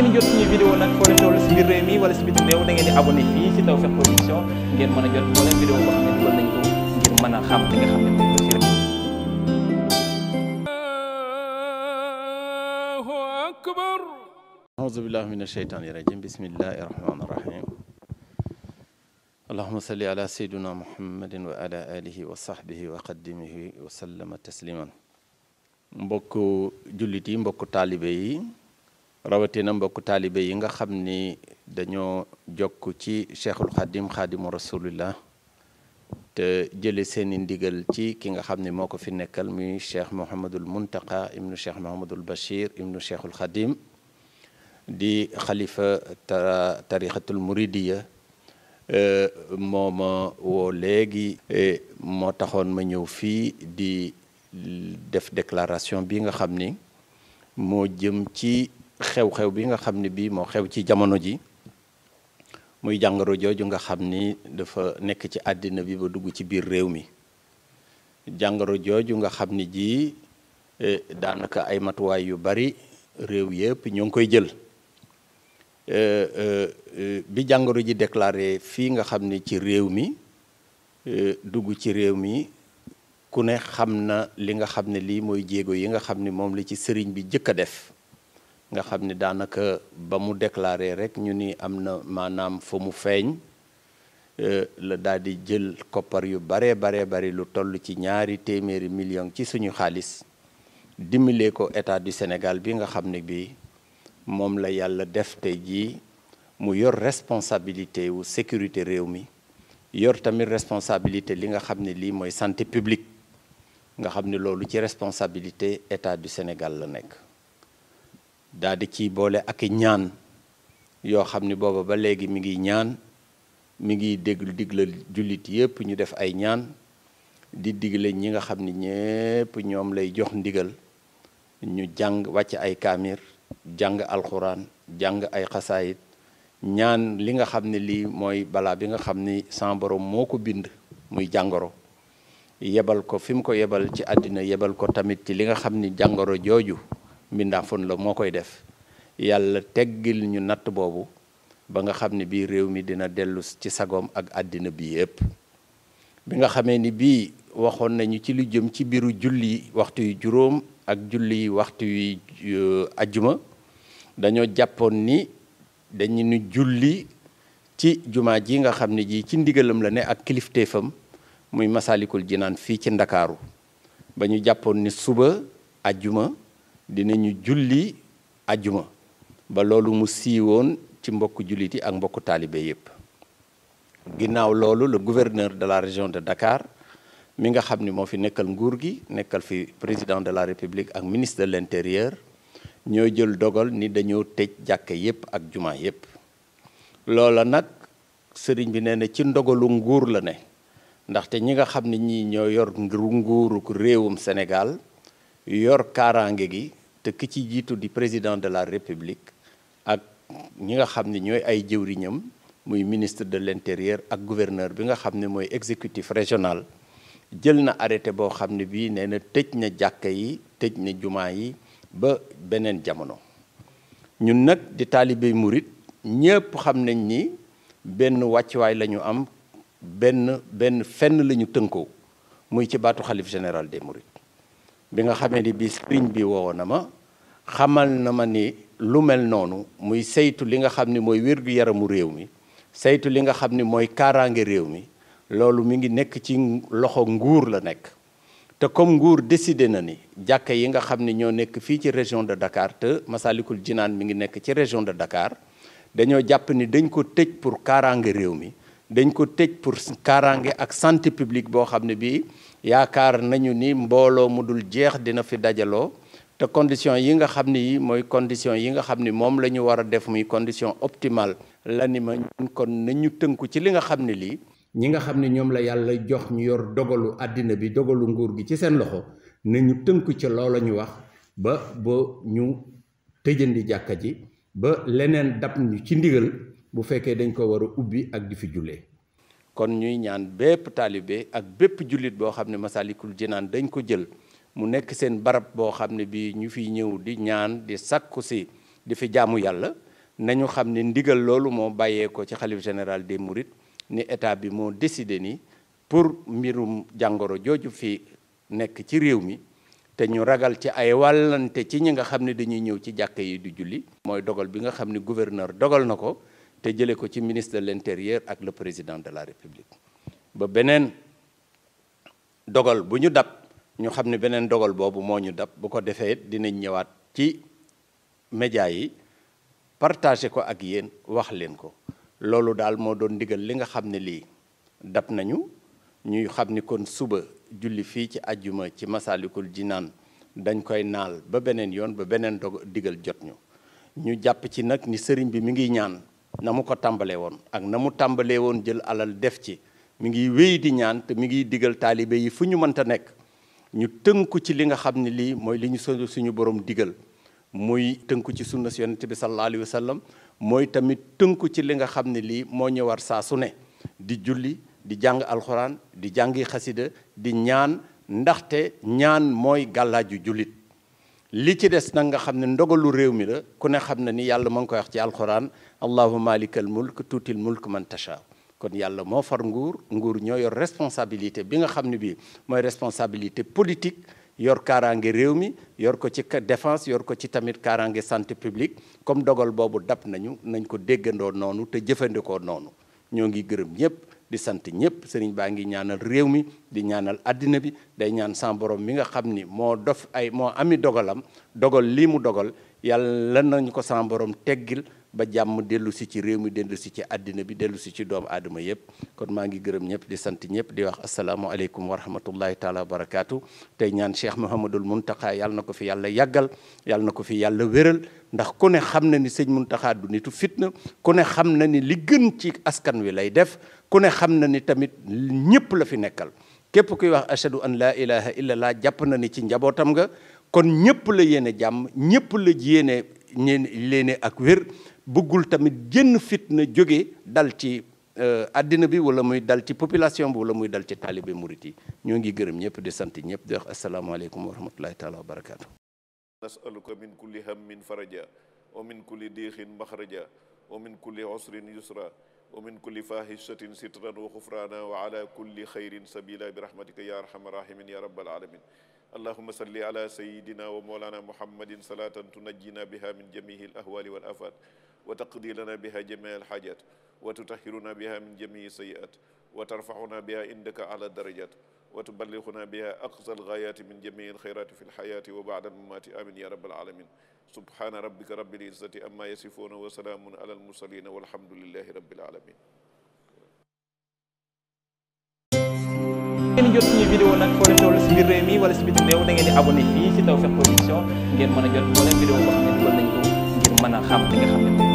ngeen jot suñu vidéo nag foo leen toll si biir réew mi wala si biti réew da ngeen di abonné fii si Tawfekh Production ngeen mën a jot moo leen vidéo boo xam ne dugal nañ ko ngir mën a xam li nga xam ne moom la rek. aouzu billahi mina sheytaani rajim bismillahi rahmaani rahim allahuma salli ala sayyidina muhammadin wa ala alihi wa sahbihi wa qadimihi wa sallama tasliman mbokk jullit yi mbokk taalibe yi rawatina mbokku taalibe yi nga xam ni dañoo jokk ci cheikhul xadim xadimu rasulillah te jële seeni ndigal ci ki nga xam ne moo ko fi nekkal muy cheikh mohamadul muntaka ibnu cheikh mohamadul bachir ibnu cheikhul xadim di xalifa tarixatul muridiya e, moo ma woo léegi e, moo taxoon ma ñëw fii di def déclaration bi nga xam ni moo jëm ci xew-xew bi nga xam ne bii moo xew ci jamono ji muy jàngoro jooju nga xam ni dafa nekk ci àddina bi ba dugg ci biir réew mi jàngoro jooju nga xam ni ji e, daanaka ay matuwaay yu bari réew yëpp ñoo ngi koy jël e, e, bi jàngoro ji déclaré fii nga xam ni ci réew mi dugg ci réew mi ku ne xam na li nga xam ne lii mooy jéego yi nga xam ni moom la ci sëriñ bi jëkk a def nga xam ni daanaka ba mu déclaré rek ñu ni am na maanaam fa mu feeñ euh, la daal di jël koppar yu baree baree bari lu toll ci ñaari téeméeri million ci suñu xaalis dimbalee ko état du Sénégal bi nga xam ne bi moom la yàlla def tey jii mu yor responsabilité wu sécurité réew mi yor tamit responsabilité li nga xam ne lii mooy santé publique nga xam ne loolu ci responsabilité état du Sénégal la nekk daal di ciy boole ak ñaan yoo xam ni booba ba léegi mi ngi ñaan mu ngi déglu digle jullit yépp ñu def ay ñaan di digle ñi nga xam ni ñépp ñoom lay jox ndigal ñu jàng wàcc ay kaamir jàng alxuraan jàng ay xasaayit ñaan li nga xam ne lii mooy balaa bi nga xam ni san moo ko bind muy jàngoro yebal ko fi mu ko yebal ci àddina yebal ko tamit ci li nga xam ni jàngoro jooju mbindaafoon la moo koy def yàlla teggil ñu natt boobu ba nga xam ne bii réew mi dina dellu ci sagoom ak àddina bi yépp bi nga xamee ni bii waxoon nañu ci lu jëm ci biiru julli waxtu yu juróom ak julli waxtu yu ajjuma dañoo jàppoon ni dañu nu julli ci jumaa ji nga xam ne ji ci ndigalam la ne ak kilifteefam muy ji naan fii ci ndakaaru ba ñu jàppoon ni suba ajjuma dinañu julli ajuma ba loolu mu siiwoon ci mbokku jullit yi ak mbokku taalibe yépp ginnaaw loolu la gouverneur de la région de Dakar mi nga xam ni moo fi nekkal nguur gi nekkal fi président de la république ak ministre de l'intérieur ñoo jël dogal ni dañoo tëj jàkka yépp ak juma yépp loola nag sëriñ bi nee na ci ndogalu nguur la ne ndaxte ñi nga xam ne ñii ñoo yor nguuru réewum Sénégal yor kaaraange gi te ci jiitu di président de la république ak ñi nga xam ni ñooy ay jëwriñam muy ministre de l'intérieur ak gouverneur bi nga xam ne mooy exécutif régional jël na arrêté boo xam ne bii nee na tëj na jàkka yi tëj na jumaa yi ba beneen jamono ñun nag di taalibe murit ñëpp xam nañ ni benn wàccuwaay lañu am benn benn fenn la ñu tënkoo muy ci baatu xalif général des mourides bi nga xamee ni bi sëriñ bi woo na ma xamal na ma ni lu mel noonu muy saytu li nga xam ni mooy wér gu yaramu réew mi saytu li nga xam ni mooy kaaraange réew mi loolu mi ngi nekk ci loxo nguur la nekk te comme nguur décidé na ni jàkka yi nga xam ni ñoo nekk fii ci région de Dakar te Masalikul Jinaan mi ngi nekk ci région de Dakar dañoo jàpp ni dañ ko tëj pour kaaraange réew mi dañ ko tëj pour kaaraange ak santé publique boo xam ne bii yaakaar nañu ni mbooloo mu dul jeex dina fi dajaloo te condition yi nga xam ne yi mooy condition yi nga xam ni moom la ñu war a def muy condition optimale la ni ma ñun tënku ci li nga xam ne lii ñi nga xam ne ñoom la yàlla jox ñu yor dogalu àddina bi dogalu nguur gi ci seen loxo nañu tënku ci loola ñu wax ba ba ñu tëjandi jàkka ji ba leneen dab ñu ci ndigal bu fekkee dañ ko war ubbi ak di fi jullee kon ñuy ñaan bépp taalibe ak bépp jullit boo xam ne Masaalikul Jinaan dañ ko jël mu nekk seen barab boo xam ne bii ñu fi ñëw di ñaan di sakku si di fi jàmm yàlla nañu xam ne ndigal loolu moo bàyyee ko ci xalif général des Mourides ni état bi moo décidé ni pour mbirum jàngoro jooju fi nekk ci réew mi te ñu ragal ci ay wàllante ci ñi nga xam ne dañuy ñëw ci jàkka yi di julli. mooy dogal bi nga xam ne gouverneur dogal na ko. te jëlee ko ci ministre de l'intérieur ak le président de la république ba beneen dogal bu ñu dab ñu xam ne beneen dogal boobu moo ñu dab bu ko defee dina ñëwaat ci média yi partagé ko ak yéen wax leen ko loolu daal moo doon digal li nga xam ne lii dab nañu ñuy xam ni kon suba julli fii ci ajjuma ci Masaalikul Jinaan dañ koy naal ba beneen yoon ba beneen dog digal jot ñu ñu jàpp ci nag ni sëriñ bi mu ngi ñaan na mu ko tàmbalee woon ak na mu tàmbalee woon jël alal def ci mu ngi wéy di ñaan te mi ngi digal taalibe yi fu ñu mënta nekk ñu tënku ci li nga xam ne lii mooy li ñu sonal suñu borom digal muy tënku ci sunna si yonent bi mooy tamit tënku ci li nga xam ne lii moo ñu war saa su ne di julli di jàng alxuraan di jàngi xasida di ñaan ndaxte ñaan mooy gàllaaju jullit li ci des nag nga xam ne ndogalu réew mi la ku ne xam na ni yàlla ma ngi koy wax ci alxuraan allahumma malikal mulk tuuti mulk man tasha kon yàlla moo far nguur nguur ñoo yor responsabilité bi nga xam ne bii mooy responsabilité politique yor kaaraange réew mi yor ko ci défense yor ko ci tamit kaaraange santé publique comme dogal boobu dab nañu nañ ko déggandoo noonu te jëfandikoo noonu ñoo ngi gërëm ñëpp di sant ñëpp sëriñ baa ngi ñaanal réew mi di ñaanal àddina bi day ñaan san borom mi nga xam ni moo dof ay moo ami dogalam dogal lii mu dogal yàlla nañu ko sama borom teggil ba jàmm dellu si ci réew mi dellu si ci àddina bi dellu si ci doomu aadama yëpp kon maa ngi gërëm ñëpp di sant ñëpp di wax asalaamualeykum wa rahmatullahi taala wa barakaatu tey ñaan cheikh mouhamadul muntaxa yàlla na ko fi yàlla yàggal yàlla na ko fi yàlla wéral ndax ku ne xam na ni sëñ muntaxa du nitu fitna ku xam na ni li gën ci askan wi lay def ku ne xam na ni tamit ñëpp la fi nekkal képp kuy wax ashadu an laa ilaha illallah jàpp na ni ci njabootam nga kon ñëpp la yéene jàmm ñëpp la yéene ñeen léene ak wér bëggul tamit génn fitna jóge dal ci euh, àddina bi wala muy dal ci population bi wala muy dal ci taalibe murit yi ñoo ngi gërëm ñëpp di sant ñëpp di wax asalaamaaleykum wa rahmatullahi taala wa barakaatu nasaluka min kulli hammin faraja wa min kulli diixin maxraja wa min kulli usrin yusra wa min kulli fahishatin sitran wa xufraana wa ala kulli xayrin sabila bi rahmatika ya arhamar rahimin ya rabbal alamin allahuma salli ala sayidina wa moolana muhammadin salatan tunajjina biha min jamihi al ahwali wal afat wa taqdi lana biha jamii al hajat wa tutahiruna biha min jamii sayiat wa tarfauna biha indaka ala darajat wa tuballighuna biha aqsa al ghayati min jamii al khayrati fi al hayati wa ba'da al mamati amin ya rabbal alamin subhana rabbika rabbil izzati amma yasifuna wa salamun ala al mursalin walhamdulillahi rabbil alamin ngeen jot suñu vidéo nag foo leen toll si biir réew mi wala si biti réew da ngeen di abonné fii si Tawfekh Production ngeen mën